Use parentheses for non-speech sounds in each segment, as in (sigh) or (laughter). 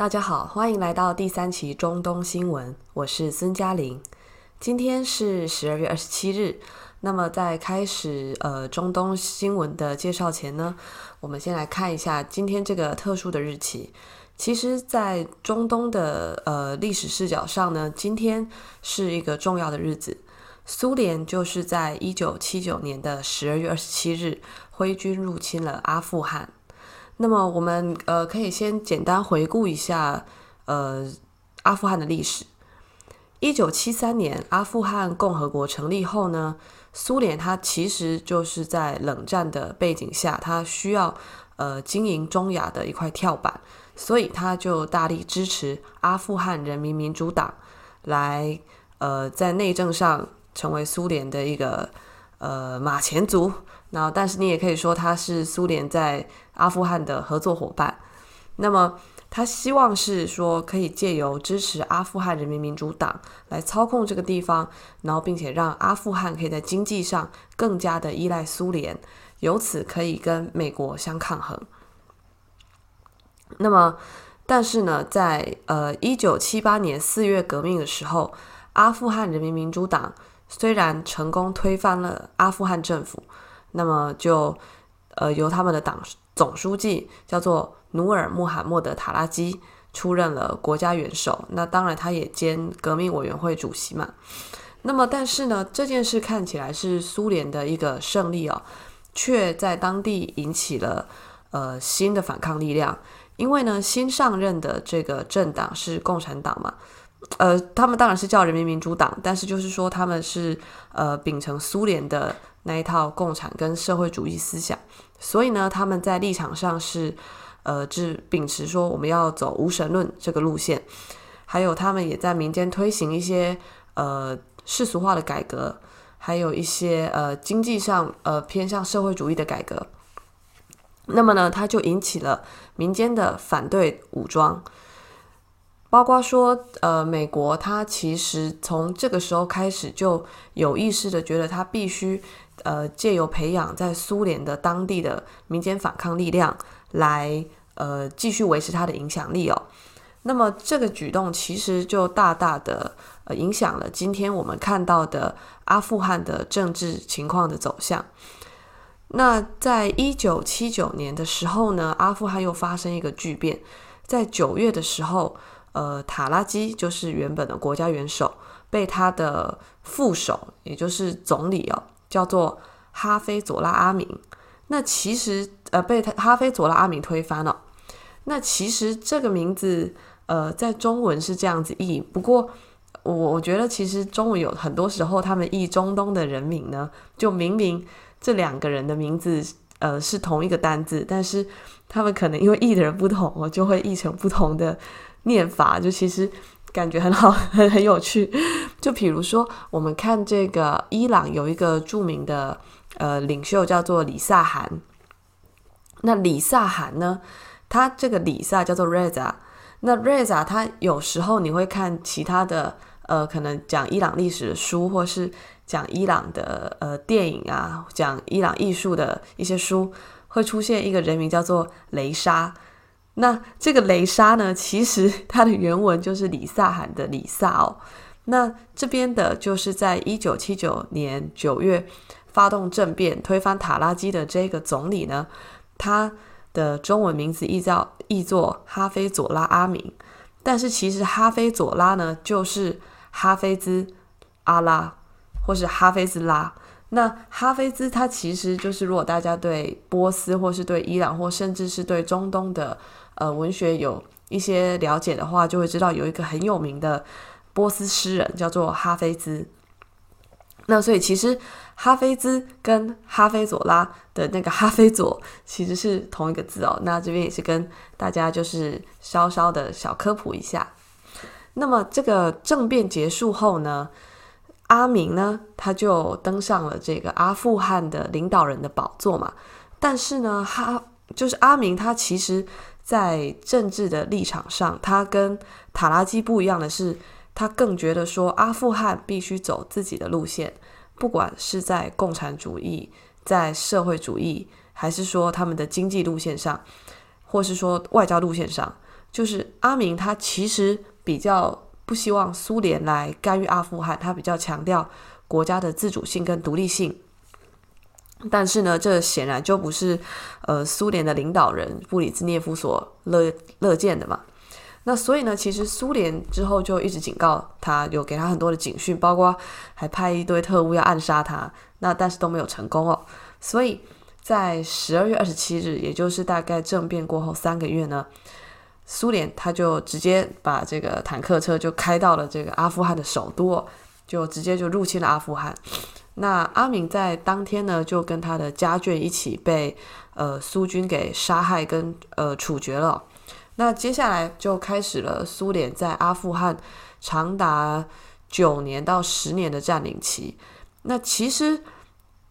大家好，歡迎來到第三期中東新聞，我是孫嘉玲。今天是十二月二十七日。那麼在開始呃中東新聞的介紹前呢，我們先來看一下今天這個特殊的日期。其實，在中東的呃歷史視角上呢，今天是一個重要的日子。蘇聯就是在一九七九年的十二月二十七日揮軍入侵了阿富汗。那麼我們呃可以先簡單回顧一下呃阿富汗的歷史。一九七三年阿富汗共和國成立後呢，蘇聯它其實就是在冷戰的背景下，它需要呃經營中亞的一塊跳板，所以它就大力支持阿富汗人民民主黨來呃在內政上成為蘇聯的一個呃馬前卒。那但是你也可以說它是蘇聯在阿富汗的合作夥伴，那麼他希望是說可以借由支持阿富汗人民民主黨來操控這個地方，然後並且讓阿富汗可以在經濟上更加的依賴蘇聯，由此可以跟美國相抗衡。那麼，但是呢，在呃一九七八年四月革命的時候，阿富汗人民民主黨雖然成功推翻了阿富汗政府，那麼就呃由他們的黨。總書記叫做努爾·穆罕默德·塔拉基，出任了國家元首。那當然，他也兼革命委員會主席嘛。那麼，但是呢，這件事看起來是蘇聯的一個勝利哦，卻在當地引起了呃新的反抗力量。因為呢，新上任的這個政黨是共產黨嘛，呃，他們當然是叫人民民主黨，但是就是說他們是呃秉承蘇聯的那一套共產跟社會主義思想。所以呢，他們在立場上是，呃，是秉持說我們要走無神論這個路線，還有他們也在民間推行一些呃世俗化的改革，還有一些呃經濟上呃偏向社會主義的改革。那麼呢，他就引起了民間的反對武裝，包括說呃美國，他其實從這個時候開始就有意識的覺得他必須。呃，借由培養在蘇聯的當地的民間反抗力量來，來呃繼續維持他的影響力哦。那麼這個舉動其實就大大的、呃、影響了今天我們看到的阿富汗的政治情況的走向。那在一九七九年的時候呢，阿富汗又發生一個巨變，在九月的時候，呃，塔拉基就是原本的國家元首，被他的副手，也就是總理哦。叫做哈菲佐拉阿明，那其實呃被他哈菲佐拉阿明推翻了哦。那其實這個名字呃在中文是這樣子譯，不過我我覺得其實中文有很多時候他們譯中東的人名呢，就明明這兩個人的名字呃是同一個單字，但是他們可能因為譯的人不同，我就會譯成不同的念法，就其實。感覺很好，很很有趣。 (laughs) 就比如說，我們看這個伊朗有一個著名的呃領袖，叫做李薩汗。那李薩汗呢，他這個李薩叫做 Reza。那 Reza 他有時候你會看其他的呃，可能講伊朗歷史的書，或是講伊朗的呃電影啊，講伊朗藝術的一些書，會出現一個人名叫做雷沙。那這個雷沙呢？其實它的原文就是里薩汗的里薩哦。那這邊的就是在一九七九年九月發動政變推翻塔拉基的這個總理呢，他的中文名字譯叫譯作哈菲佐拉阿明。但是其實哈菲佐拉呢，就是哈菲茲阿拉，或是哈菲茲拉。那哈菲茲它其實就是，如果大家對波斯或是對伊朗或甚至是對中東的。呃，文學有一些了解的話，就會知道有一個很有名的波斯詩人叫做哈菲茲。那所以其實哈菲茲跟哈菲佐拉的那個哈菲佐其實是同一個字哦。那這邊也是跟大家就是稍稍的小科普一下。那麼這個政變結束後呢，阿明呢他就登上了這個阿富汗的領導人的寶座嘛。但是呢，哈就是阿明他其實。在政治的立場上，他跟塔拉基不一樣的是，他更覺得說，阿富汗必須走自己的路線，不管是在共產主義、在社會主義，還是說他們的經濟路線上，或是說外交路線上，就是阿明他其實比較不希望蘇聯來干預阿富汗，他比較強調國家的自主性跟獨立性。但是呢，這顯然就不是，呃，蘇聯的領導人布里茲涅夫所樂樂見的嘛。那所以呢，其實蘇聯之後就一直警告他，有給他很多的警訊，包括還派一堆特務要暗殺他，那但是都沒有成功哦。所以在十二月二十七日，也就是大概政變過後三個月呢，蘇聯他就直接把這個坦克車就開到了這個阿富汗的首都，就直接就入侵了阿富汗。那阿明在當天呢，就跟他的家眷一起被呃蘇軍給殺害跟，跟呃處決了。那接下來就開始了蘇聯在阿富汗長達九年到十年的占領期。那其實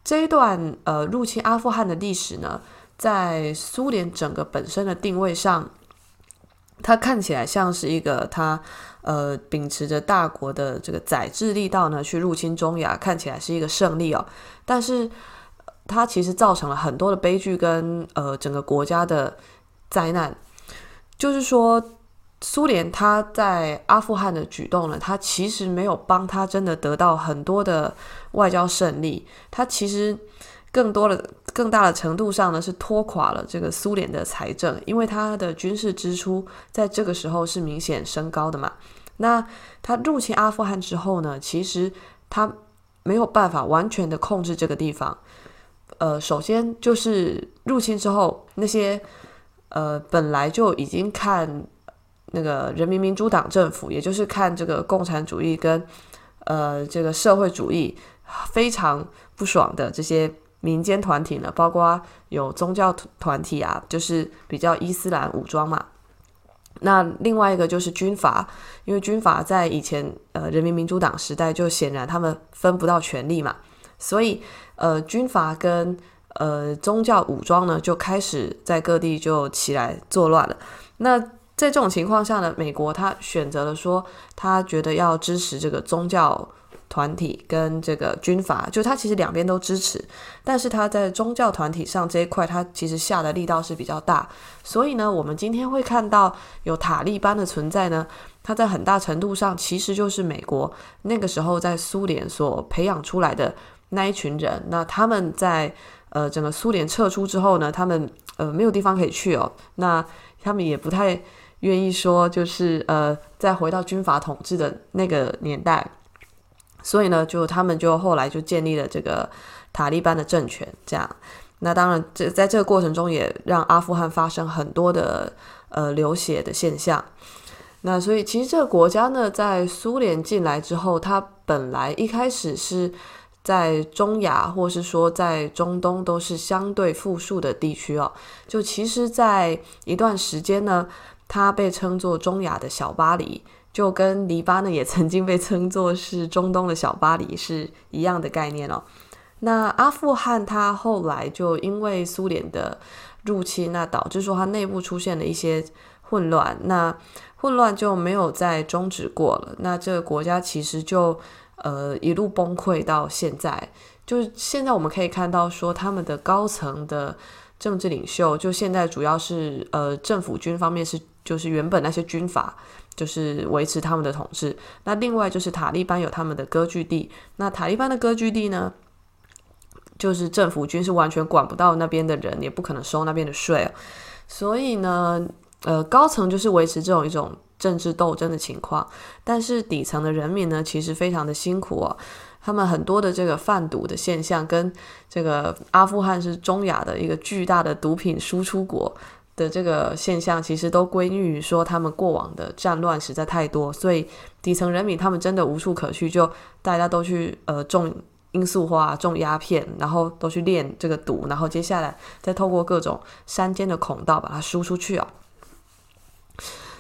這一段呃入侵阿富汗的歷史呢，在蘇聯整個本身的定位上。它看起來像是一個他，它呃秉持着大國的這個宰制力道呢，去入侵中亞，看起來是一個勝利哦。但是它其實造成了很多的悲劇跟呃整個國家的災難。就是說，蘇聯它在阿富汗的舉動呢，它其實沒有幫它真的得到很多的外交勝利，它其實。更多的、更大的程度上呢，是拖垮了這個蘇聯的財政，因為它的軍事支出在這個時候是明顯升高的嘛。那它入侵阿富汗之後呢，其實它沒有辦法完全的控制這個地方。呃，首先就是入侵之後，那些呃本來就已經看那個人民民主黨政府，也就是看這個共產主義跟呃這個社會主義非常不爽的這些。民間團體呢，包括有宗教團體啊，就是比較伊斯蘭武裝嘛。那另外一個就是軍閥，因為軍閥在以前呃人民民主黨時代就顯然他們分不到權力嘛，所以呃軍閥跟呃宗教武裝呢就開始在各地就起來作亂了。那在這種情況下呢，美國他選擇了說，他覺得要支持這個宗教。團體跟這個軍閥，就他其實兩邊都支持，但是他在宗教團體上這一塊，他其實下的力道是比較大。所以呢，我們今天會看到有塔利班的存在呢，他在很大程度上其實就是美國那個時候在蘇聯所培養出來的那一群人。那他們在呃整個蘇聯撤出之後呢，他們呃沒有地方可以去哦，那他們也不太願意說就是呃再回到軍閥統治的那個年代。所以呢，就他們就後來就建立了這個塔利班的政權，這樣。那當然這，這在這個過程中也讓阿富汗發生很多的呃流血的現象。那所以其實這個國家呢，在蘇聯進來之後，它本來一開始是在中亞或是說在中東都是相對富庶的地區哦。就其實，在一段時間呢，它被稱作中亞的小巴黎。就跟黎巴嫩也曾經被稱作是中東的小巴黎是一樣的概念哦。那阿富汗它後來就因為蘇聯的入侵，那導致說它內部出現了一些混亂，那混亂就沒有再終止過了。那這個國家其實就呃一路崩潰到現在，就是現在我們可以看到說他們的高層的政治領袖，就現在主要是呃政府軍方面是就是原本那些軍閥。就是維持他們的統治，那另外就是塔利班有他們的割據地。那塔利班的割據地呢，就是政府軍是完全管不到那邊的人，也不可能收那邊的稅哦。所以呢，呃，高層就是維持這種一種政治鬥爭的情況，但是底層的人民呢，其實非常的辛苦哦。他們很多的這個販毒的現象，跟這個阿富汗是中亞的一個巨大的毒品輸出國。的這個現象其實都歸於說，他們過往的戰亂實在太多，所以底層人民他們真的無處可去，就大家都去呃種罌粟花、種鴉片，然後都去煉這個毒，然後接下來再透過各種山間的孔道把它輸出去啊、哦。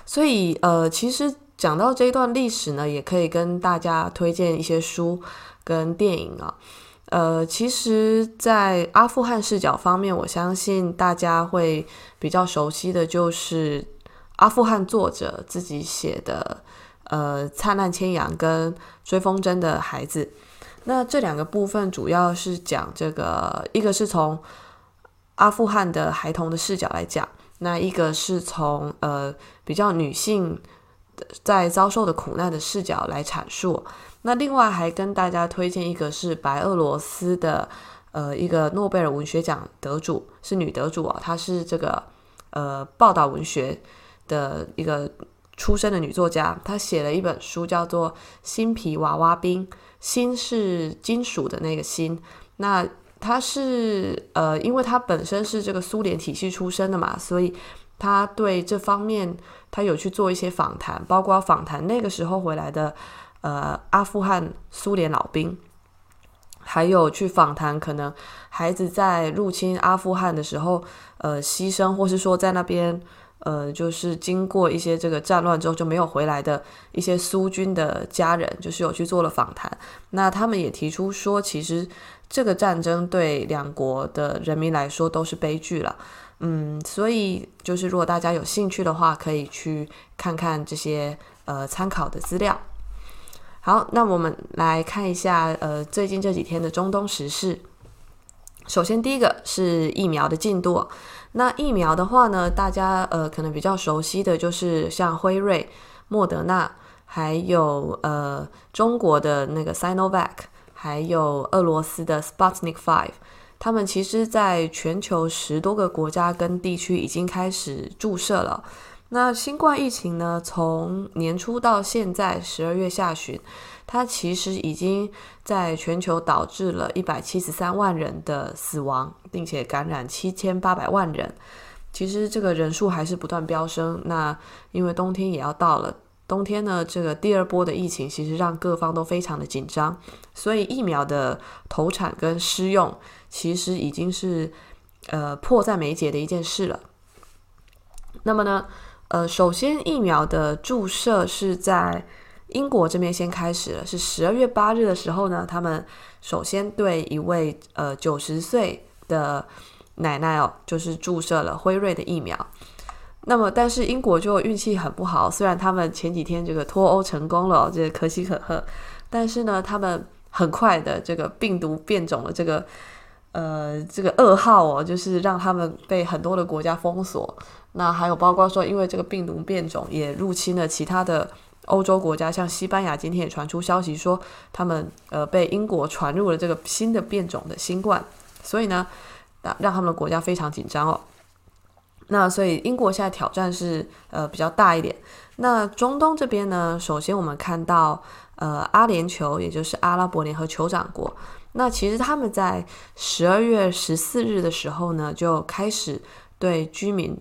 所以呃，其實講到這一段歷史呢，也可以跟大家推薦一些書跟電影啊、哦。呃，其實，在阿富汗視角方面，我相信大家會比較熟悉的就是阿富汗作者自己寫的呃《燦爛千陽》跟《追風箏的孩子》。那這兩個部分主要是講這個，一個是從阿富汗的孩童的視角來講，那一個是從呃比較女性在遭受的苦難的視角來闡述。那另外還跟大家推薦一個是白俄羅斯的，呃，一個諾貝爾文學獎得主，是女得主啊、哦，她是這個呃報道文學的一個出身的女作家，她寫了一本書叫做《鋅皮娃娃兵》，“鋅”是金屬的那個“鋅”。那她是呃，因為她本身是這個蘇聯體系出身的嘛，所以她對這方面她有去做一些訪談，包括訪談那個時候回來的。呃，阿富汗蘇聯老兵，還有去訪談可能孩子在入侵阿富汗的時候，呃，犧牲，或是說在那邊，呃，就是經過一些這個戰亂之後就沒有回來的一些蘇軍的家人，就是有去做了訪談。那他們也提出說，其實這個戰爭對兩國的人民來說都是悲劇了。嗯，所以就是如果大家有興趣的話，可以去看看這些，呃，參考的資料。好，那我們來看一下，呃，最近這幾天的中東時事。首先，第一個是疫苗的進度。那疫苗的話呢，大家呃可能比較熟悉的就是像輝瑞、莫德納，還有呃中國的那個 Sinovac，還有俄羅斯的 Sputnik V。他們其實在全球十多個國家跟地區已經開始注射了。那新冠疫情呢？從年初到現在，十二月下旬，它其實已經在全球導致了一百七十三萬人的死亡，並且感染七千八百萬人。其實這個人數還是不斷飆升。那因為冬天也要到了，冬天呢，這個第二波的疫情其實讓各方都非常的緊張，所以疫苗的投產跟施用，其實已經是呃迫在眉睫的一件事了。那麼呢？呃，首先疫苗的注射是在英國這邊先開始了，是十二月八日的時候呢，他們首先對一位呃九十歲的奶奶哦，就是注射了輝瑞的疫苗。那麼，但是英國就運氣很不好，雖然他們前幾天這個脫歐成功了哦，這可喜可賀，但是呢，他們很快的這個病毒變種了，這個呃這個噩耗哦，就是讓他們被很多的國家封鎖。那還有包括說，因為這個病毒變種也入侵了其他的歐洲國家，像西班牙，今天也傳出消息說，他們呃被英國傳入了這個新的變種的新冠，所以呢，讓他們的國家非常緊張哦。那所以英國現在挑戰是呃比較大一點。那中東這邊呢，首先我們看到呃阿聯酋，也就是阿拉伯聯合酋長國，那其實他們在十二月十四日的時候呢，就開始對居民。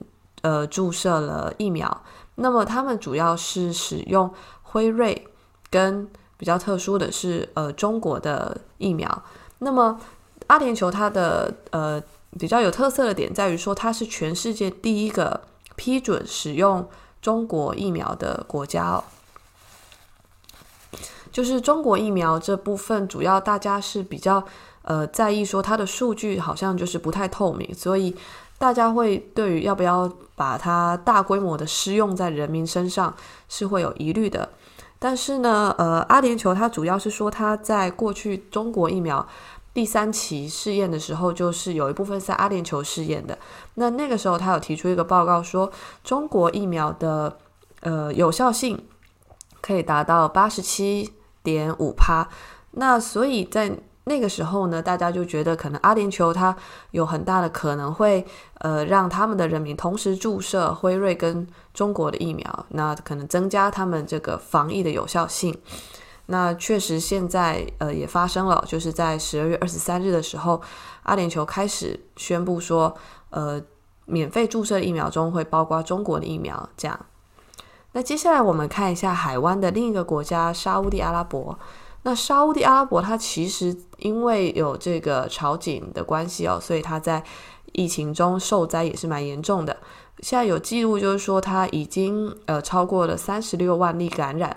呃，注射了疫苗，那麼他們主要是使用輝瑞，跟比較特殊的是，呃，中國的疫苗。那麼阿聯酋它的呃比較有特色的點在於說，它是全世界第一個批准使用中國疫苗的國家哦。就是中國疫苗這部分，主要大家是比較呃在意說它的數據好像就是不太透明，所以。大家會對於要不要把它大規模的施用在人民身上是會有疑慮的，但是呢，呃，阿聯酋它主要是說它在過去中國疫苗第三期試驗的時候，就是有一部分在阿聯酋試驗的，那那個時候它有提出一個報告說中國疫苗的呃有效性可以達到八十七點五趴，那所以在。那個時候呢，大家就覺得可能阿聯酋它有很大的可能會，呃，讓他們的人民同時注射輝瑞跟中國的疫苗，那可能增加他們這個防疫的有效性。那確實現在呃也發生了，就是在十二月二十三日的時候，阿聯酋開始宣布說，呃，免費注射疫苗中會包括中國的疫苗這樣。那接下來我們看一下海灣的另一個國家，沙烏地阿拉伯。那沙烏地阿拉伯，它其實因為有這個朝覲的關係哦，所以它在疫情中受災也是蠻嚴重的。現在有記錄就是說，它已經呃超過了三十六萬例感染，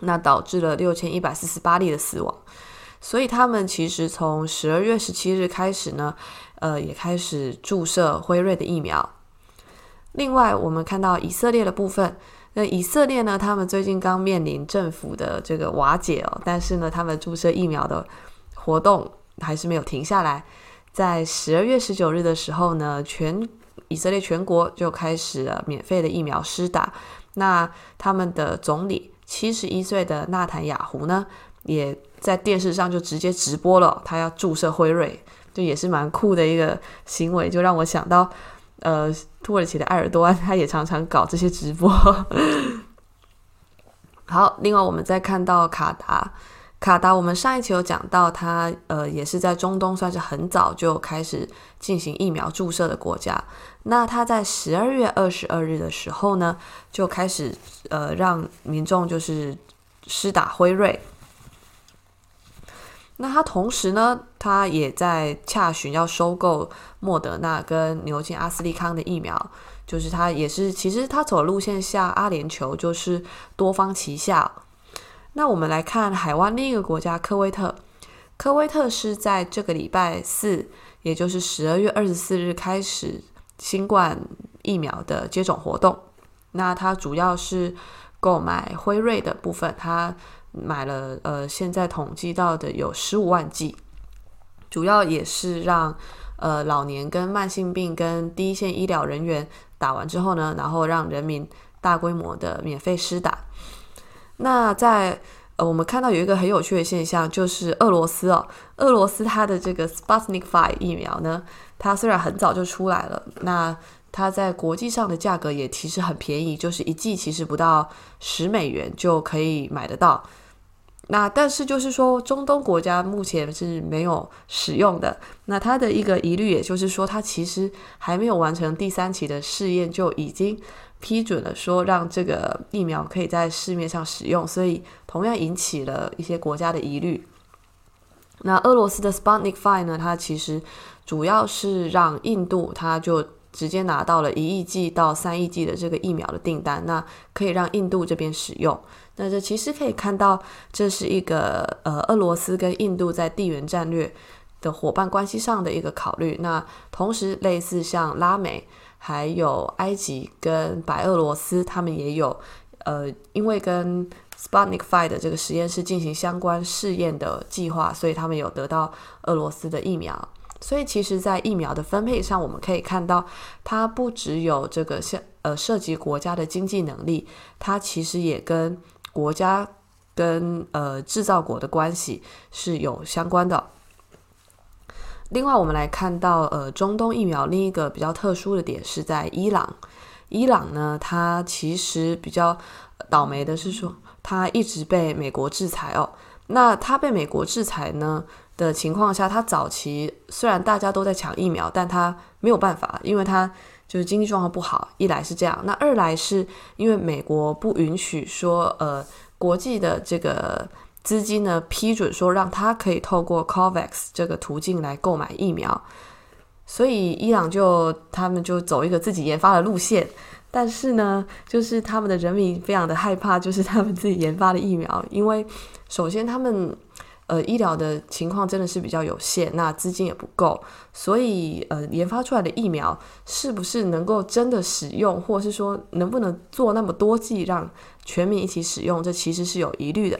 那導致了六千一百四十八例的死亡。所以他們其實從十二月十七日開始呢，呃，也開始注射輝瑞的疫苗。另外，我們看到以色列的部分。那以色列呢，他們最近剛面臨政府的這個瓦解哦、喔，但是呢，他們注射疫苗的活動還是沒有停下來。在十二月十九日的時候呢，全以色列全國就開始了免費的疫苗施打。那他們的總理七十一歲的納坦雅胡呢，也在電視上就直接直播了，他要注射輝瑞，就也是蠻酷的一個行為，就讓我想到。呃，土耳其的埃爾多安他也常常搞這些直播。 (laughs) 好，另外我們再看到卡達，卡達我們上一期有講到他，它，呃也是在中東算是很早就開始進行疫苗注射的國家。那它在十二月二十二日的時候呢，就開始呃讓民眾就是施打輝瑞。那他同時呢，他也在洽詢要收購莫德納跟牛津阿斯利康的疫苗，就是他也是其實他走路線下阿聯酋，就是多方旗下。那我們來看海灣另一個國家科威特，科威特是在這個禮拜四，也就是十二月二十四日開始新冠疫苗的接種活動。那他主要是購買輝瑞的部分，它買了呃，現在統計到的有十五萬劑，主要也是讓呃老年跟慢性病跟第一線醫療人員打完之後呢，然後讓人民大規模的免費施打。那在呃我們看到有一個很有趣的現象，就是俄羅斯哦，俄羅斯它的這個 Sputnik V 疫苗呢，它雖然很早就出來了，那它在國際上的價格也其實很便宜，就是一劑其實不到十美元就可以買得到。那但是就是說，中東國家目前是沒有使用的。那他的一個疑慮，也就是說，他其實還沒有完成第三期的試驗，就已經批准了，說讓這個疫苗可以在市面上使用，所以同樣引起了一些國家的疑慮。那俄羅斯的 Sputnik V 呢，它其實主要是讓印度，它就。直接拿到了一億劑到三億劑的這個疫苗的訂單，那可以讓印度這邊使用。那這其實可以看到，這是一個呃俄羅斯跟印度在地緣戰略的夥伴關係上的一個考慮。那同時，類似像拉美、還有埃及跟白俄羅斯，他們也有呃因為跟 Sputnik V 的這個實驗室進行相關試驗的計劃，所以他們有得到俄羅斯的疫苗。所以，其實，在疫苗的分配上，我們可以看到，它不只有這個呃涉及國家的經濟能力，它其實也跟國家跟呃製造國的關係是有相關的。另外，我們來看到呃中東疫苗另一個比較特殊的點是在伊朗，伊朗呢，它其實比較倒霉的是說，它一直被美國制裁哦。那它被美國制裁呢，的情況下，他早期雖然大家都在搶疫苗，但他沒有辦法，因為他就是經濟狀況不好。一來是這樣，那二來是因為美國不允許說，呃，國際的這個資金呢批准說讓他可以透過 COVAX 這個途徑來購買疫苗，所以伊朗就他們就走一個自己研發的路線。但是呢，就是他們的人民非常的害怕，就是他們自己研發的疫苗，因為首先他們。呃，醫療的情況真的是比較有限，那資金也不夠，所以呃，研發出來的疫苗是不是能夠真的使用，或是說能不能做那麼多劑讓全民一起使用，這其實是有疑慮的。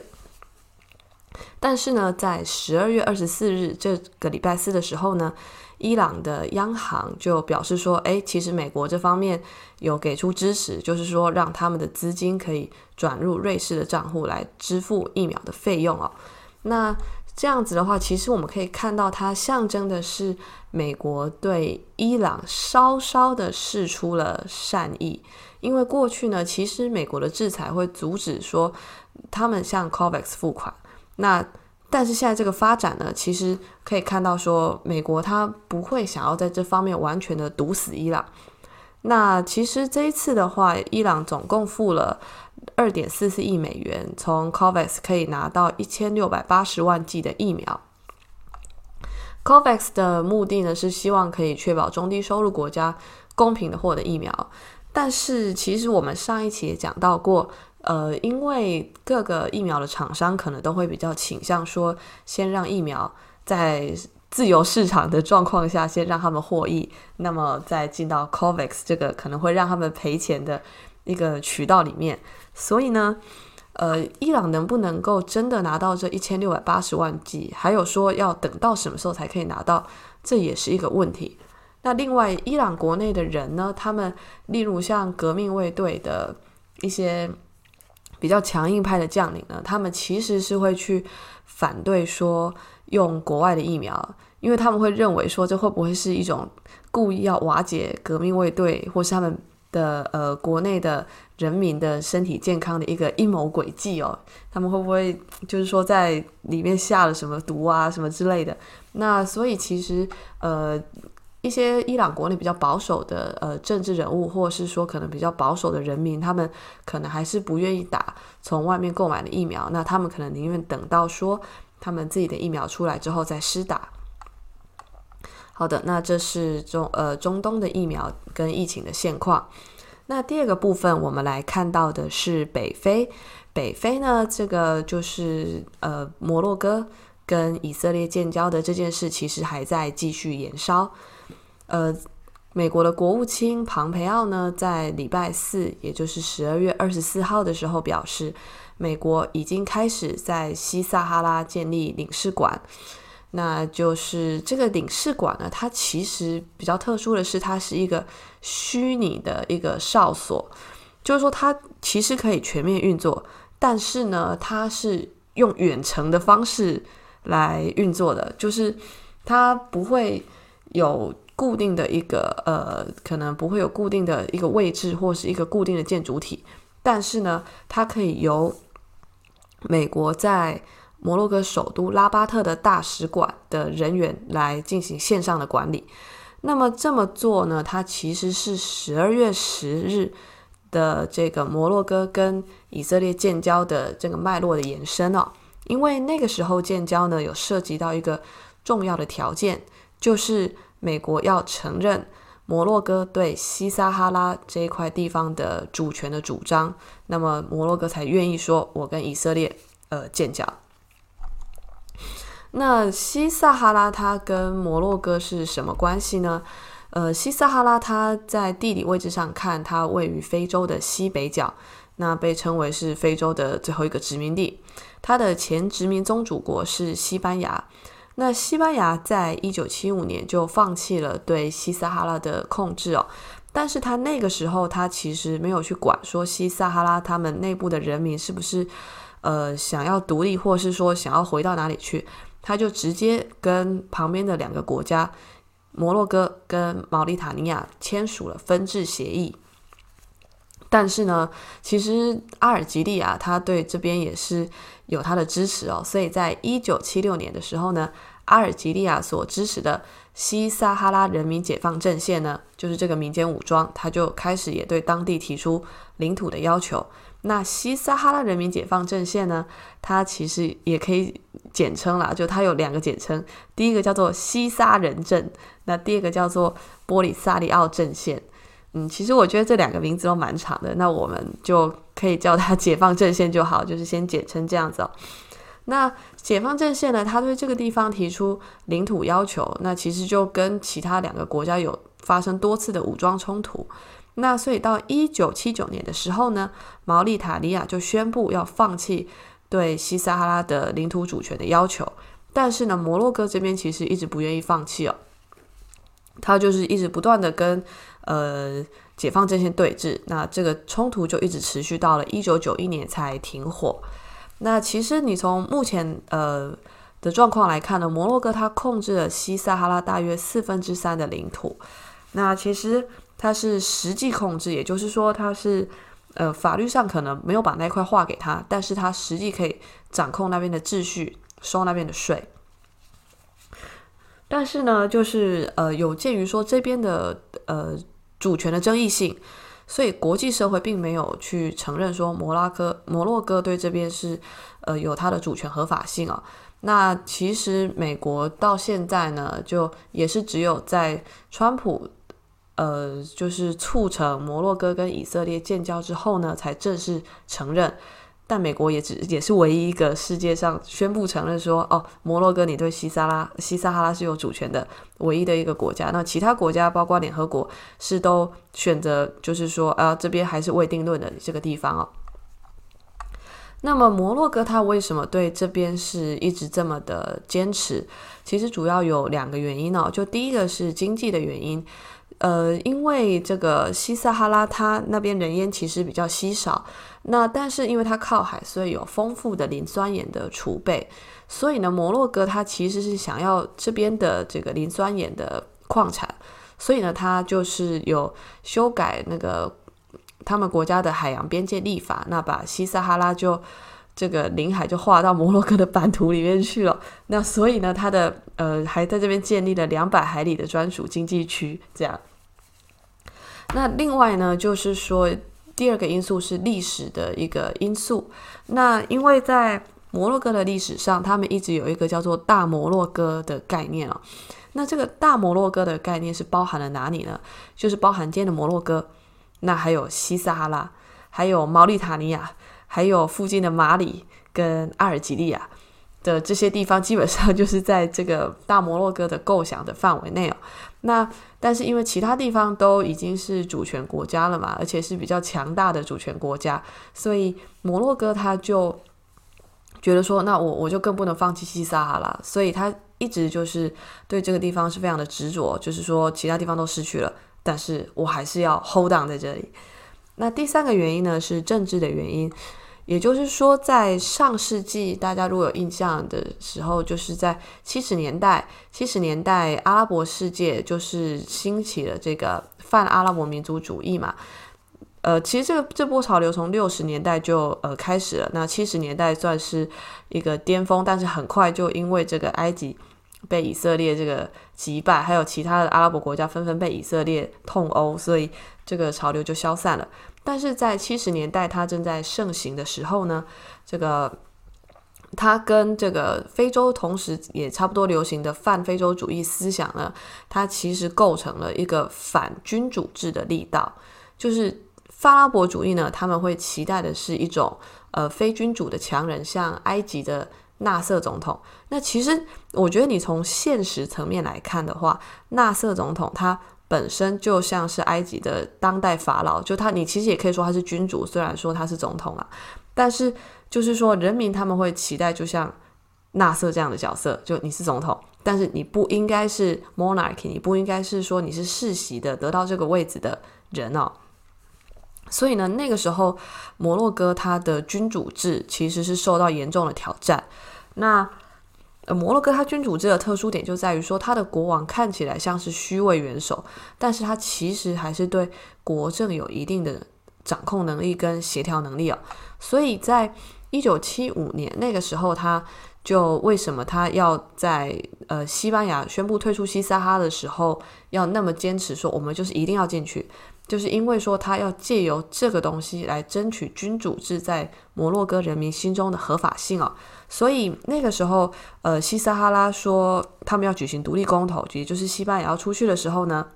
但是呢，在十二月二十四日這個禮拜四的時候呢，伊朗的央行就表示說，哎，其實美國這方面有給出支持，就是說讓他們的資金可以轉入瑞士的賬戶來支付疫苗的費用哦。那這樣子的話，其實我們可以看到，它象徵的是美國對伊朗稍稍的釋出了善意，因為過去呢，其實美國的制裁，會阻止說他們向 COVAX 付款。那但是現在這個發展呢，其實可以看到說，美國它不會想要在這方面完全的堵死伊朗。那其實這一次的話，伊朗總共付了。二點四四億美元，從 COVAX 可以拿到一千六百八十萬劑的疫苗。COVAX 的目的呢，是希望可以確保中低收入國家公平的獲得疫苗。但是其實我們上一期也講到過，呃，因為各個疫苗的廠商可能都會比較傾向說，先讓疫苗在自由市場的狀況下先讓他們獲益，那麼再進到 COVAX 這個可能會讓他們賠錢的一個渠道裡面。所以呢，呃，伊朗能不能夠真的拿到這一千六百八十萬劑？還有說要等到什麼時候才可以拿到，這也是一個問題。那另外，伊朗國內的人呢，他們例如像革命衛隊的一些比較強硬派的將領呢，他們其實是會去反對說用國外的疫苗，因為他們會認為說這會不會是一種故意要瓦解革命衛隊，或是他們，的呃，國內的人民的身體健康的一個陰謀詭計哦，他們會不會就是說在裡面下了什麼毒啊，什麼之類的？那所以其實呃，一些伊朗國內比較保守的呃政治人物，或者是說可能比較保守的人民，他們可能還是不願意打從外面購買的疫苗，那他們可能寧願等到說他們自己的疫苗出來之後再施打。好的，那這是中呃中東的疫苗跟疫情的現況。那第二個部分，我們來看到的是北非。北非呢，這個就是呃摩洛哥跟以色列建交的這件事，其實還在繼續延燒。呃，美國的國務卿龐佩奧呢，在禮拜四，也就是十二月二十四號的時候表示，美國已經開始在西撒哈拉建立領事館。那就是這個領事館呢，它其實比較特殊的是，它是一個虛擬的一個哨所，就是說它其實可以全面運作，但是呢，它是用遠程的方式來運作的，就是它不會有固定的一個呃，可能不會有固定的一個位置或是一個固定的建築體，但是呢，它可以由美國在。摩洛哥首都拉巴特的大使館的人員來進行線上的管理。那麼這麼做呢，它其實是十二月十日的這個摩洛哥跟以色列建交的這個脈絡的延伸哦。因為那個時候建交呢，有涉及到一個重要的條件，就是美國要承認摩洛哥對西撒哈拉這一塊地方的主權的主張，那麼摩洛哥才願意說，我跟以色列呃建交。那西撒哈拉它跟摩洛哥是什麼關係呢？呃，西撒哈拉它在地理位置上看，它位於非洲的西北角，那被稱為是非洲的最後一個殖民地，它的前殖民宗主國是西班牙。那西班牙在一九七五年就放棄了對西撒哈拉的控制哦，但是他那個時候他其實沒有去管說西撒哈拉他們內部的人民是不是呃想要獨立，或是說想要回到哪裡去。他就直接跟旁邊的兩個國家，摩洛哥跟毛里塔尼亞簽署了分治協議。但是呢，其實阿爾及利亞他對這邊也是有他的支持哦，所以在一九七六年的時候呢，阿爾及利亞所支持的西撒哈拉人民解放陣線呢，就是這個民間武裝，他就開始也對當地提出領土的要求。那西撒哈拉人民解放陣線呢？它其實也可以簡稱啦，就它有兩個簡稱，第一個叫做西撒人陣，那第二個叫做波利薩里奧陣線。嗯，其實我覺得這兩個名字都蠻長的，那我們就可以叫它解放陣線就好，就是先簡稱這樣子哦。那解放陣線呢，它對這個地方提出領土要求，那其實就跟其他兩個國家有發生多次的武裝衝突。那所以到一九七九年的時候呢，茅利塔尼亞就宣布要放棄對西撒哈拉的領土主權的要求，但是呢，摩洛哥這邊其實一直不願意放棄哦，他就是一直不斷的跟呃解放陣線對峙，那這個衝突就一直持續到了一九九一年才停火。那其實你從目前呃的狀況來看呢，摩洛哥它控制了西撒哈拉大約四分之三的領土，那其實。它是實際控制，也就是說，它是呃法律上可能沒有把那塊劃給他，但是他實際可以掌控那邊的秩序，收那邊的稅。但是呢，就是呃有鑑於說這邊的呃主權的爭議性，所以國際社會並沒有去承認說摩拉哥摩洛哥對這邊是呃有他的主權合法性啊、哦。那其實美國到現在呢，就也是只有在川普。呃，就是促成摩洛哥跟以色列建交之後呢，才正式承認。但美國也只也是唯一一個世界上宣布承認說，哦，摩洛哥，你對西撒拉西撒哈拉是有主權的唯一的一個國家。那其他國家包括聯合國是都選擇，就是說，啊、呃，這邊還是未定論的這個地方哦。那麼摩洛哥他為什麼對這邊是一直這麼的堅持？其實主要有兩個原因哦。就第一個是經濟的原因。呃，因為這個西撒哈拉它那邊人煙其實比較稀少，那但是因為它靠海，所以有豐富的磷酸鹽的儲備。所以呢，摩洛哥它其實是想要這邊的這個磷酸鹽的礦產，所以呢，它就是有修改那個他們國家的海洋邊界立法，那把西撒哈拉就這個領海就劃到摩洛哥的版圖裡面去了。那所以呢，它的呃還在這邊建立了兩百海里的專屬經濟區，這樣。那另外呢，就是說第二個因素是歷史的一個因素。那因為在摩洛哥的歷史上，他們一直有一個叫做“大摩洛哥”的概念哦。那這個“大摩洛哥”的概念是包含了哪裡呢？就是包含今天的摩洛哥，那還有西撒哈拉，還有茅利塔尼亞，還有附近的馬里跟阿爾及利亞。的這些地方基本上就是在這個大摩洛哥的構想的範圍內哦。那但是因為其他地方都已經是主權國家了嘛，而且是比較強大的主權國家，所以摩洛哥他就覺得說，那我我就更不能放棄西撒哈拉，所以他一直就是對這個地方是非常的執着，就是說其他地方都失去了，但是我還是要 hold down 在這裡。那第三個原因呢是政治的原因。也就是說，在上世紀，大家如果有印象的時候，就是在七十年代。七十年代，阿拉伯世界就是興起了這個泛阿拉伯民族主義嘛。呃，其實這個這波潮流從六十年代就呃開始了，那七十年代算是一個巔峰，但是很快就因為這個埃及被以色列這個擊敗，還有其他的阿拉伯國家紛紛被以色列痛毆，所以這個潮流就消散了。但是在七十年代，它正在盛行的時候呢，這個它跟這個非洲同時也差不多流行的泛非洲主義思想呢，它其實構成了一個反君主制的力道。就是泛阿拉伯主義呢，他們會期待的是一種呃非君主的強人，像埃及的納瑟總統。那其實我覺得你從現實層面來看的話，納瑟總統他。本身就像是埃及的當代法老，就他，你其實也可以說他是君主，雖然說他是總統啊，但是就是說人民他們會期待就像納瑟這樣的角色，就你是總統，但是你不應該是 monarchy，你不應該是說你是世襲的得到這個位置的人哦，所以呢，那個時候摩洛哥它的君主制其實是受到嚴重的挑戰，那。摩洛哥它君主制的特殊點就在於說，它的國王看起來像是虛位元首，但是他其實還是對國政有一定的掌控能力跟協調能力哦。所以在一九七五年那個時候，他就為什麼他要在呃西班牙宣布退出西撒哈的時候，要那麼堅持說我們就是一定要進去，就是因為說他要借由這個東西來爭取君主制在摩洛哥人民心中的合法性哦。所以那個時候，呃，西撒哈拉說他們要舉行獨立公投，也就是西班牙要出去的時候呢，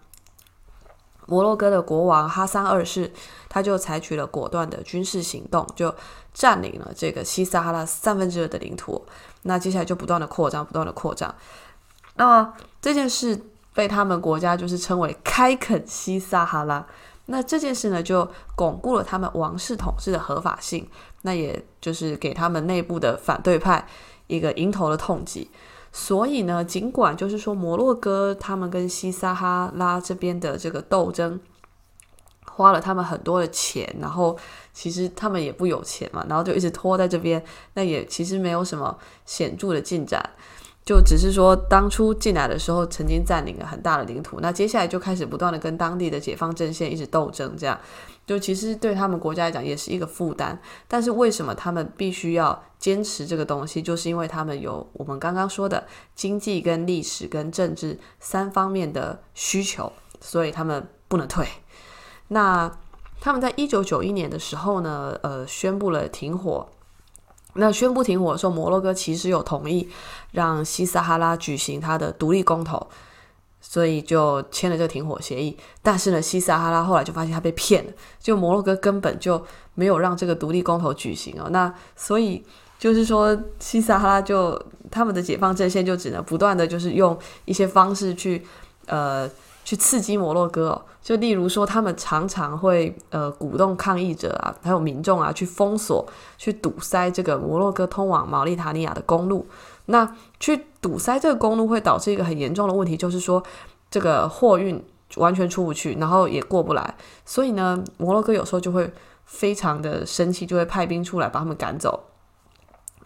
摩洛哥的國王哈桑二世他就採取了果斷的軍事行動，就佔領了這個西撒哈拉三分之二的領土。那接下來就不斷的擴張，不斷的擴張。那麼，啊，這件事被他們國家就是稱為“開墾西撒哈拉”。那這件事呢，就鞏固了他們王室統治的合法性。那也就是給他們內部的反對派一個迎頭的痛擊，所以呢，儘管就是說摩洛哥他們跟西撒哈拉這邊的這個鬥爭花了他們很多的錢，然後其實他們也不有錢嘛，然後就一直拖在這邊，那也其實沒有什麼顯著的進展。就只是說，當初進來的時候曾經佔領了很大的領土，那接下來就開始不斷的跟當地的解放陣線一直鬥爭，這樣就其實對他們國家來講也是一個負擔。但是為什麼他們必須要堅持這個東西，就是因為他們有我們剛剛說的經濟、跟歷史、跟政治三方面的需求，所以他們不能退。那他們在一九九一年的時候呢，呃，宣布了停火。那宣布停火的時候，摩洛哥其實有同意讓西撒哈拉舉行他的獨立公投，所以就簽了這個停火協議。但是呢，西撒哈拉後來就發現他被騙了，就摩洛哥根本就沒有讓這個獨立公投舉行哦。那所以就是說，西撒哈拉就他們的解放陣線就只能不斷的就是用一些方式去，呃。去刺激摩洛哥哦，就例如說，他們常常會呃鼓動抗議者啊，還有民眾啊，去封鎖、去堵塞這個摩洛哥通往毛利塔尼亞的公路。那去堵塞這個公路會導致一個很嚴重的問題，就是說這個貨運完全出不去，然後也過不來。所以呢，摩洛哥有時候就會非常的生氣，就會派兵出來把他們趕走。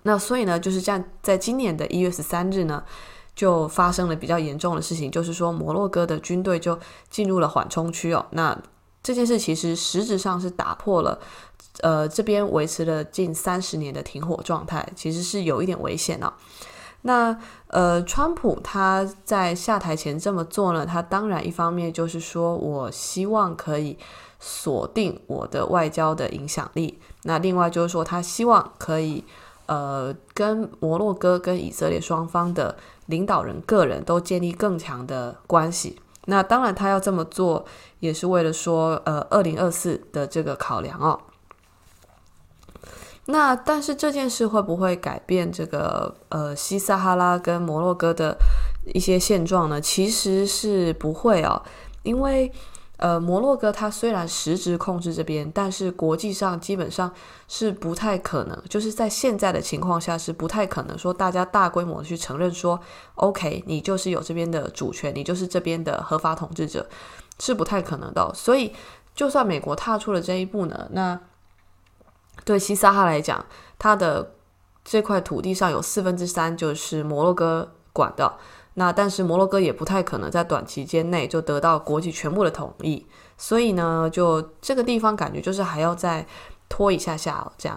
那所以呢，就是這樣，在今年的一月十三日呢。就發生了比較嚴重的事情，就是說摩洛哥的軍隊就進入了緩衝區哦。那這件事其實實質上是打破了呃這邊維持了近三十年的停火狀態，其實是有一點危險啊、哦。那呃，川普他在下台前這麼做呢，他當然一方面就是說我希望可以鎖定我的外交的影響力，那另外就是說他希望可以呃跟摩洛哥跟以色列雙方的。領導人個人都建立更強的關係，那當然他要這麼做也是為了說，呃，二零二四的這個考量哦。那但是這件事會不會改變這個呃西撒哈拉跟摩洛哥的一些現狀呢？其實是不會哦，因為。呃，摩洛哥它雖然實質控制這邊，但是國際上基本上是不太可能，就是在現在的情況下是不太可能說大家大規模去承認說，OK，你就是有這邊的主權，你就是這邊的合法統治者，是不太可能的哦。所以，就算美國踏出了這一步呢，那對西撒哈拉來講，它的這塊土地上有四分之三就是摩洛哥管的。那但是摩洛哥也不太可能在短期間內就得到國際全部的同意，所以呢，就這個地方感覺就是還要再拖一下下哦，這樣。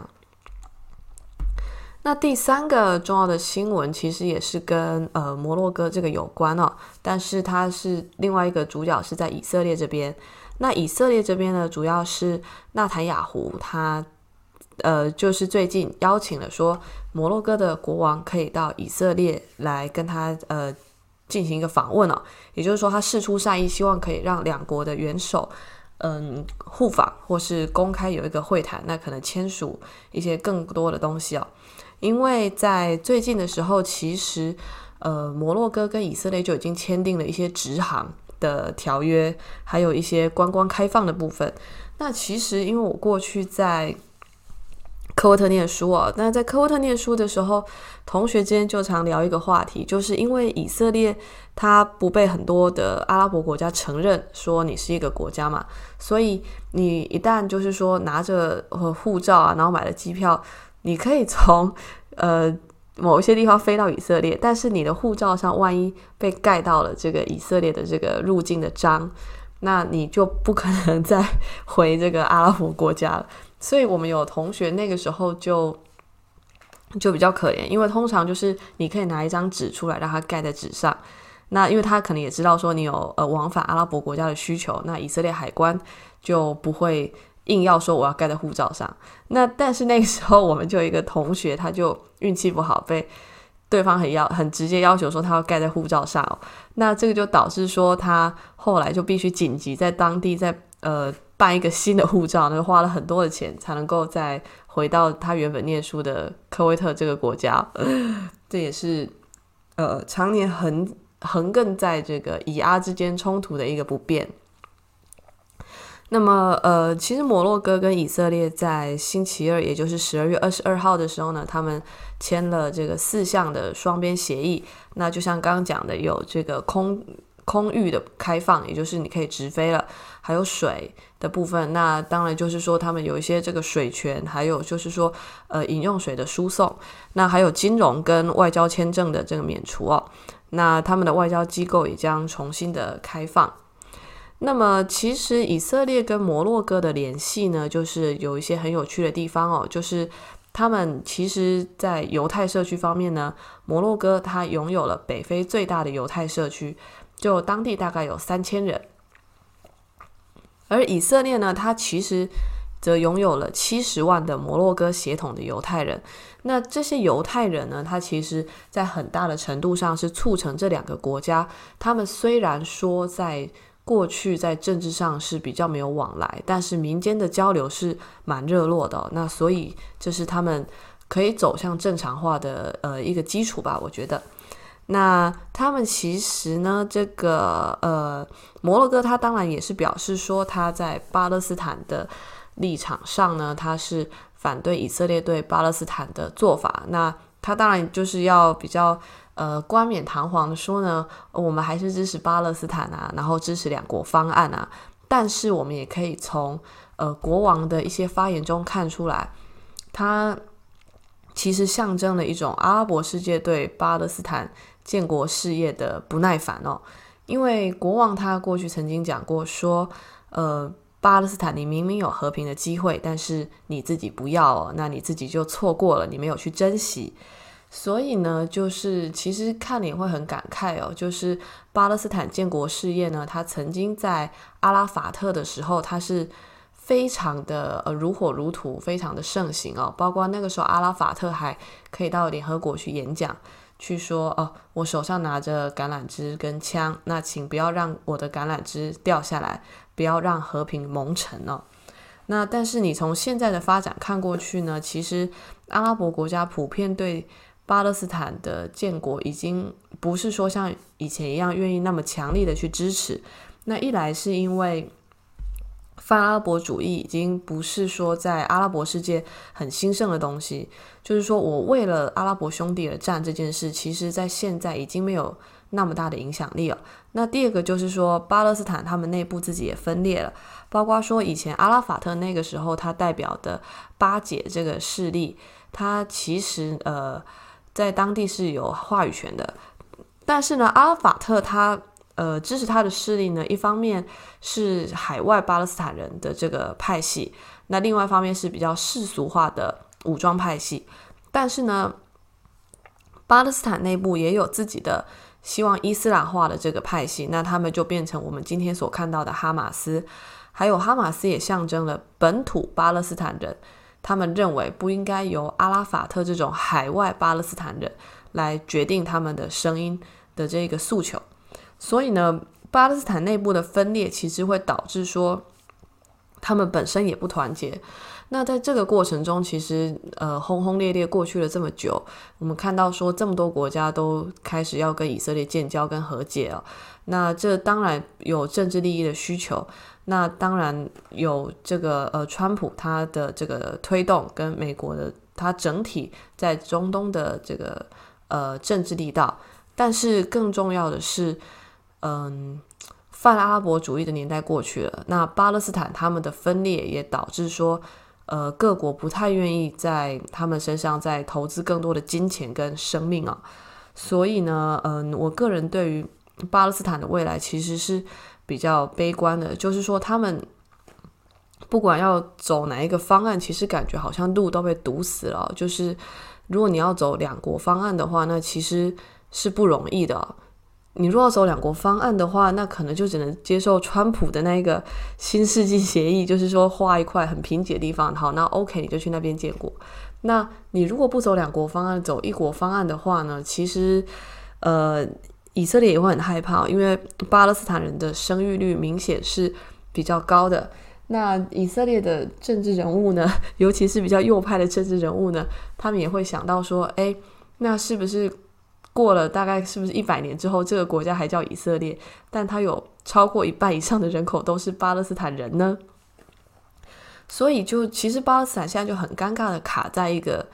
那第三個重要的新聞其實也是跟呃摩洛哥這個有關哦，但是它是另外一個主角是在以色列這邊。那以色列這邊呢，主要是納坦雅胡他。呃，就是最近邀請了說摩洛哥的國王可以到以色列來跟他呃進行一個訪問哦，也就是說他釋出善意，希望可以讓兩國的元首嗯互訪或是公開有一個會談，那可能簽署一些更多的東西哦。因為在最近的時候，其實呃摩洛哥跟以色列就已經簽訂了一些直航的條約，還有一些觀光開放的部分。那其實因為我過去在科威特念書哦，那在科威特念書的時候，同學之間就常聊一個話題，就是因為以色列它不被很多的阿拉伯國家承認，說你是一個國家嘛，所以你一旦就是說拿着護照啊，然後買了機票，你可以從呃某一些地方飛到以色列，但是你的護照上萬一被蓋到了這個以色列的這個入境的章，那你就不可能再回這個阿拉伯國家了。所以我們有同學那個時候就就比較可憐，因為通常就是你可以拿一張紙出來，讓他蓋在紙上。那因為他可能也知道說你有呃往返阿拉伯國家的需求，那以色列海關就不會硬要說我要蓋在護照上。那但是那個時候我們就有一個同學，他就運氣不好，被對方很要很直接要求說他要蓋在護照上哦。那這個就導致說他後來就必須緊急在當地在。呃，辦一個新的護照，那就花了很多的錢，才能夠再回到他原本念書的科威特這個國家。 (laughs) 這也是呃常年橫橫亙在這個以阿之間衝突的一個不便。那麼呃，其實摩洛哥跟以色列在星期二，也就是十二月二十二號的時候呢，他們簽了這個四項的雙邊協議。那就像剛剛講的，有這個空。空域的開放，也就是你可以直飛了。還有水的部分，那當然就是說他們有一些這個水權，還有就是說呃飲用水的輸送。那還有金融跟外交簽證的這個免除哦。那他們的外交機構也將重新的開放。那麼其實以色列跟摩洛哥的聯繫呢，就是有一些很有趣的地方哦，就是他們其實，在猶太社區方面呢，摩洛哥它擁有了北非最大的猶太社區。就當地大概有三千人，而以色列呢，它其實則擁有了七十萬的摩洛哥血統的猶太人。那這些猶太人呢，他其實，在很大的程度上是促成這兩個國家。他們雖然說在過去在政治上是比較沒有往來，但是民間的交流是蠻熱絡的哦。那所以這是他們可以走向正常化的呃一個基礎吧，我覺得。那他們其實呢，這個呃，摩洛哥他當然也是表示說他在巴勒斯坦的立場上呢，他是反對以色列對巴勒斯坦的做法。那他當然就是要比較呃冠冕堂皇的說呢，我們還是支持巴勒斯坦啊，然後支持兩國方案啊。但是我們也可以從呃國王的一些發言中看出來，他其實象徵了一種阿拉伯世界對巴勒斯坦建國事業的不耐煩哦，因為國王他過去曾經講過說，呃，巴勒斯坦你明明有和平的機會，但是你自己不要哦，那你自己就錯過了，你沒有去珍惜。所以呢，就是其實看你會很感慨哦，就是巴勒斯坦建國事業呢，他曾經在阿拉法特的時候，他是非常的呃如火如荼，非常的盛行哦，包括那個時候阿拉法特還可以到聯合國去演講。去說哦，我手上拿着橄欖枝跟槍，那請不要讓我的橄欖枝掉下來，不要讓和平蒙塵哦。那但是你從現在的發展看過去呢，其實阿拉伯國家普遍對巴勒斯坦的建國已經不是說像以前一樣願意那麼強力的去支持。那一來是因為。泛阿拉伯主義已經不是說在阿拉伯世界很興盛的東西，就是說我為了阿拉伯兄弟而戰這件事，其實在現在已經沒有那麼大的影響力了、哦。那第二個就是說，巴勒斯坦他們內部自己也分裂了，包括說以前阿拉法特那個時候他代表的巴解這個勢力，他其實呃在當地是有話語權的，但是呢，阿拉法特他。呃，支持他的勢力呢，一方面是海外巴勒斯坦人的這個派系，那另外一方面是比較世俗化的武裝派系。但是呢，巴勒斯坦內部也有自己的希望伊斯蘭化的這個派系，那他們就變成我們今天所看到的哈馬斯。還有哈馬斯也象徵了本土巴勒斯坦人，他們認為不應該由阿拉法特這種海外巴勒斯坦人來決定他們的聲音的這個訴求。所以呢，巴勒斯坦內部的分裂其實會導致說，他們本身也不團結。那在這個過程中，其實呃轟轟烈烈過去了這麼久，我們看到說這麼多國家都開始要跟以色列建交、跟和解了。那這當然有政治利益的需求，那當然有這個呃川普他的這個推動跟美國的他整體在中東的這個呃政治力道，但是更重要的是。嗯，泛阿拉伯主義的年代過去了，那巴勒斯坦他們的分裂也導致說，呃，各國不太願意在他們身上再投資更多的金錢跟生命啊。所以呢，嗯，我個人對於巴勒斯坦的未來其實是比較悲觀的，就是說他們不管要走哪一個方案，其實感覺好像路都被堵死了。就是如果你要走兩國方案的話，那其實是不容易的。你如果要走兩國方案的話，那可能就只能接受川普的那一個新世紀協議，就是說，畫一塊很貧瘠的地方。好，那 OK，你就去那邊建國。那你如果不走兩國方案，走一國方案的話呢？其實，呃，以色列也會很害怕，因為巴勒斯坦人的生育率明顯是比較高的。那以色列的政治人物呢，尤其是比較右派的政治人物呢，他們也會想到說，哎，那是不是？過了大概是不是一百年之後，這個國家還叫以色列，但它有超過一半以上的人口都是巴勒斯坦人呢。所以就其實巴勒斯坦現在就很尷尬的卡在一個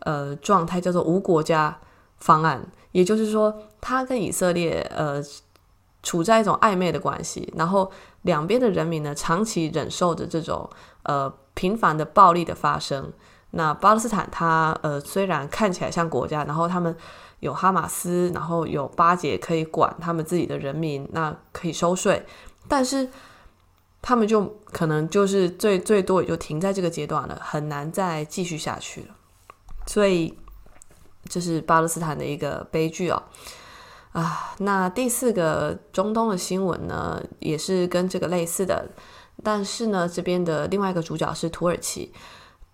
呃狀態，叫做無國家方案，也就是說，它跟以色列呃處在一種曖昧的關係，然後兩邊的人民呢長期忍受着這種呃頻繁的暴力的發生。那巴勒斯坦它呃雖然看起來像國家，然後他們。有哈馬斯，然後有巴解，可以管他們自己的人民，那可以收稅，但是他們就可能就是最最多也就停在這個階段了，很難再繼續下去了。所以這是巴勒斯坦的一個悲劇啊、哦、啊！那第四個中東的新聞呢，也是跟這個類似的，但是呢，這邊的另外一個主角是土耳其。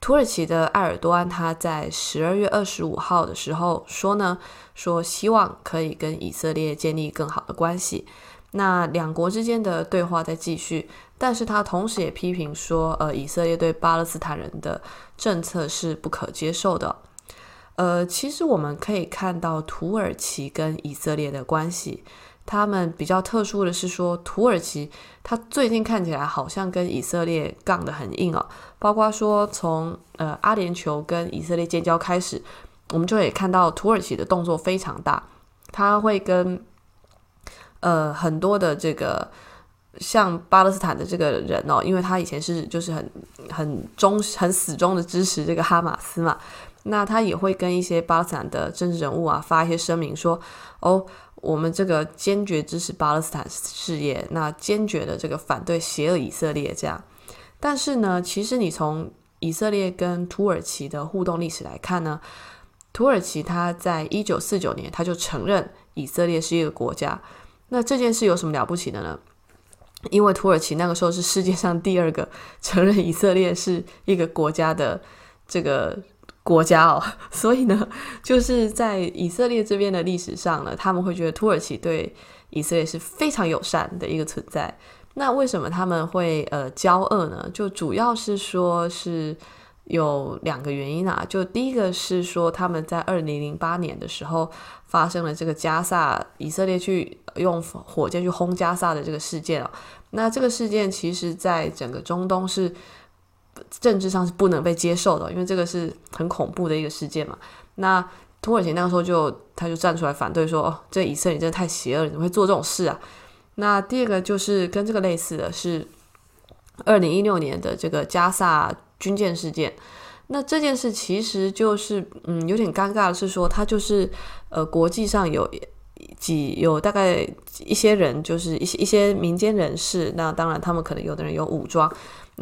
土耳其的埃爾多安他在十二月二十五號的時候說呢，說希望可以跟以色列建立更好的關係。那兩國之間的對話在繼續，但是他同時也批評說，呃，以色列對巴勒斯坦人的政策是不可接受的。呃，其實我們可以看到土耳其跟以色列的關係。他們比較特殊的是說，土耳其他最近看起來好像跟以色列槓得很硬哦。包括說，從呃阿聯酋跟以色列建交開始，我們就也看到土耳其的動作非常大。他會跟呃很多的這個像巴勒斯坦的這個人哦，因為他以前是就是很很忠很死忠的支持這個哈馬斯嘛。那他也會跟一些巴勒斯坦的政治人物啊發一些聲明說哦。我們這個堅決支持巴勒斯坦事業，那堅決的這個反對邪惡以色列這樣。但是呢，其實你從以色列跟土耳其的互動歷史來看呢，土耳其它在1949年它就承認以色列是一個國家。那這件事有什麼了不起的呢？因為土耳其那個時候是世界上第二個承認以色列是一個國家的這個。國家哦，所以呢，就是在以色列這邊的歷史上呢，他們會覺得土耳其對以色列是非常友善的一個存在。那為什麼他們會呃交惡呢？就主要是說是有兩個原因啊。就第一個是說他們在二零零八年的時候發生了這個加薩，以色列去用火箭去轟加薩的這個事件啊。那這個事件其實，在整個中東是。政治上是不能被接受的，因為這個是很恐怖的一個事件嘛。那土耳其那個時候就他就站出來反對說，哦：“這以色列真的太邪惡了，你怎麼會做這種事啊？”那第二個就是跟這個類似的是，二零一六年的這個加薩軍艦事件。那這件事其實就是嗯有點尷尬的是說，他就是呃國際上有幾有大概一些人，就是一些一些民間人士。那當然他們可能有的人有武裝。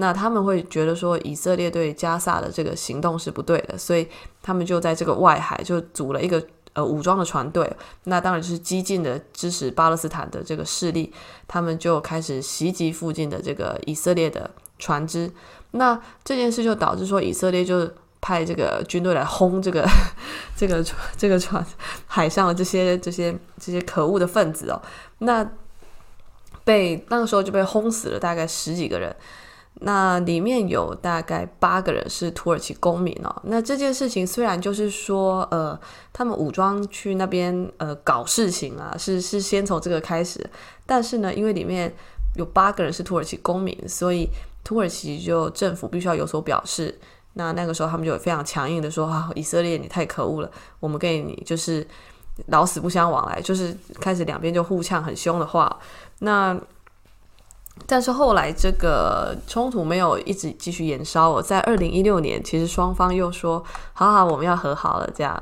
那他們會覺得說，以色列對加薩的這個行動是不對的，所以他們就在這個外海就組了一個呃武裝的船隊，那當然就是激進的支持巴勒斯坦的這個勢力，他們就開始襲擊附近的這個以色列的船隻。那這件事就導致說，以色列就派這個軍隊來轟這個這個這個船海上的這些這些這些可惡的分子哦，那被那個時候就被轟死了大概十幾個人。那裡面有大概八個人是土耳其公民哦。那這件事情雖然就是說，呃，他們武裝去那邊，呃，搞事情啊，是是先從這個開始，但是呢，因為裡面有八個人是土耳其公民，所以土耳其就政府必須要有所表示。那那個時候他們就非常強硬的說啊、哦，以色列你太可惡了，我們跟你就是老死不相往來，就是開始兩邊就互嗆很凶的話、哦，那。但是後來這個衝突沒有一直繼續延燒、哦。我在二零一六年，其實雙方又說好好，我們要和好了這樣。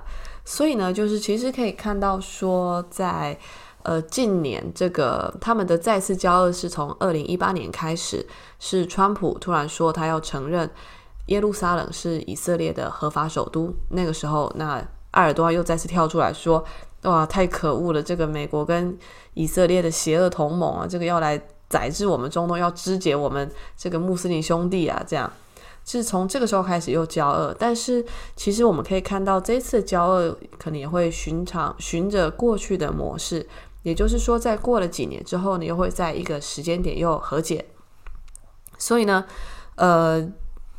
所以呢，就是其實可以看到說在，在呃近年這個他們的再次交惡是從二零一八年開始，是川普突然說他要承認耶路撒冷是以色列的合法首都。那個時候，那埃爾多安又再次跳出來說，哇，太可惡了！這個美國跟以色列的邪惡同盟啊，這個要來。宰制我們中東，要肢解我們這個穆斯林兄弟啊，這樣，是從這個時候開始又交惡。但是其實我們可以看到，這次交惡可能也會尋常循着過去的模式，也就是說，在過了幾年之後呢，你又會在一個時間點又和解。所以呢，呃，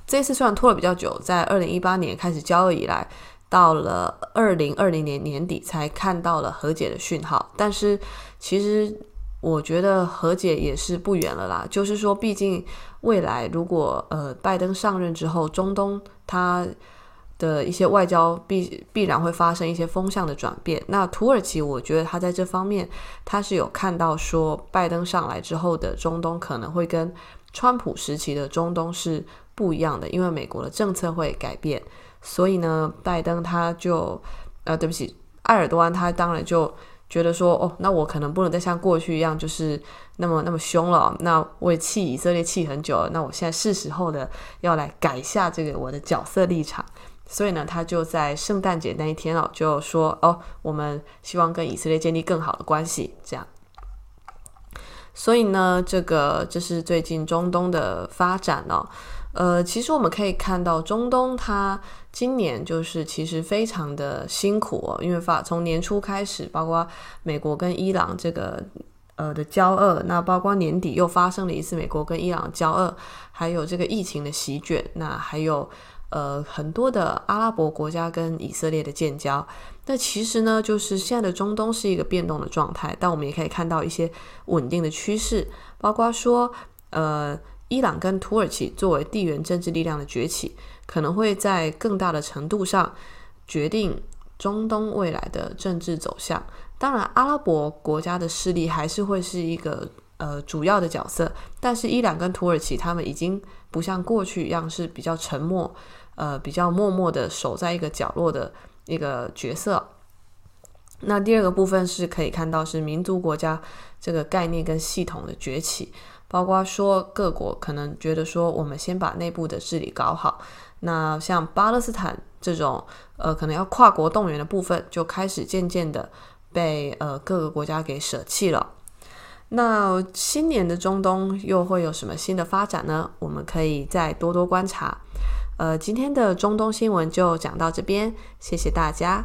這次雖然拖了比較久，在二零一八年開始交惡以來，到了二零二零年年底才看到了和解的訊號，但是其實。我覺得和解也是不遠了啦。就是說，畢竟未來如果呃拜登上任之後，中東它的一些外交必必然會發生一些風向的轉變。那土耳其，我覺得他在這方面他是有看到說，拜登上來之後的中東可能會跟川普時期的中東是不一樣的，因為美國的政策會改變。所以呢，拜登他就呃對不起，埃爾多安他當然就。覺得說，哦，那我可能不能再像過去一樣，就是那麼那麼兇了哦。那我也氣以色列氣很久了。那我現在是時候的要來改一下這個我的角色立場。所以呢，他就在聖誕節那一天哦，就說，哦，我們希望跟以色列建立更好的關係，這樣。所以呢，這個就是最近中東的發展哦。呃，其實我們可以看到，中東它今年就是其實非常的辛苦哦，因為發從年初開始，包括美國跟伊朗這個呃的交惡，那包括年底又發生了一次美國跟伊朗的交惡，還有這個疫情的席捲，那還有呃很多的阿拉伯國家跟以色列的建交，那其實呢，就是現在的中東是一個變動的狀態，但我們也可以看到一些穩定的趨勢，包括說呃。伊朗跟土耳其作為地緣政治力量的崛起，可能會在更大的程度上決定中東未來的政治走向。當然，阿拉伯國家的勢力還是會是一個呃主要的角色，但是伊朗跟土耳其他們已經不像過去一樣是比較沉默，呃，比較默默的守在一個角落的一個角色。那第二個部分是可以看到是民族國家這個概念跟系統的崛起。包括說各國可能覺得說，我們先把內部的治理搞好，那像巴勒斯坦這種，呃，可能要跨國動員的部分，就開始漸漸的被，呃，各個國家給捨棄了。那新年的中東又會有什麼新的發展呢？我們可以再多多觀察。呃，今天的中東新聞就講到這邊，謝謝大家。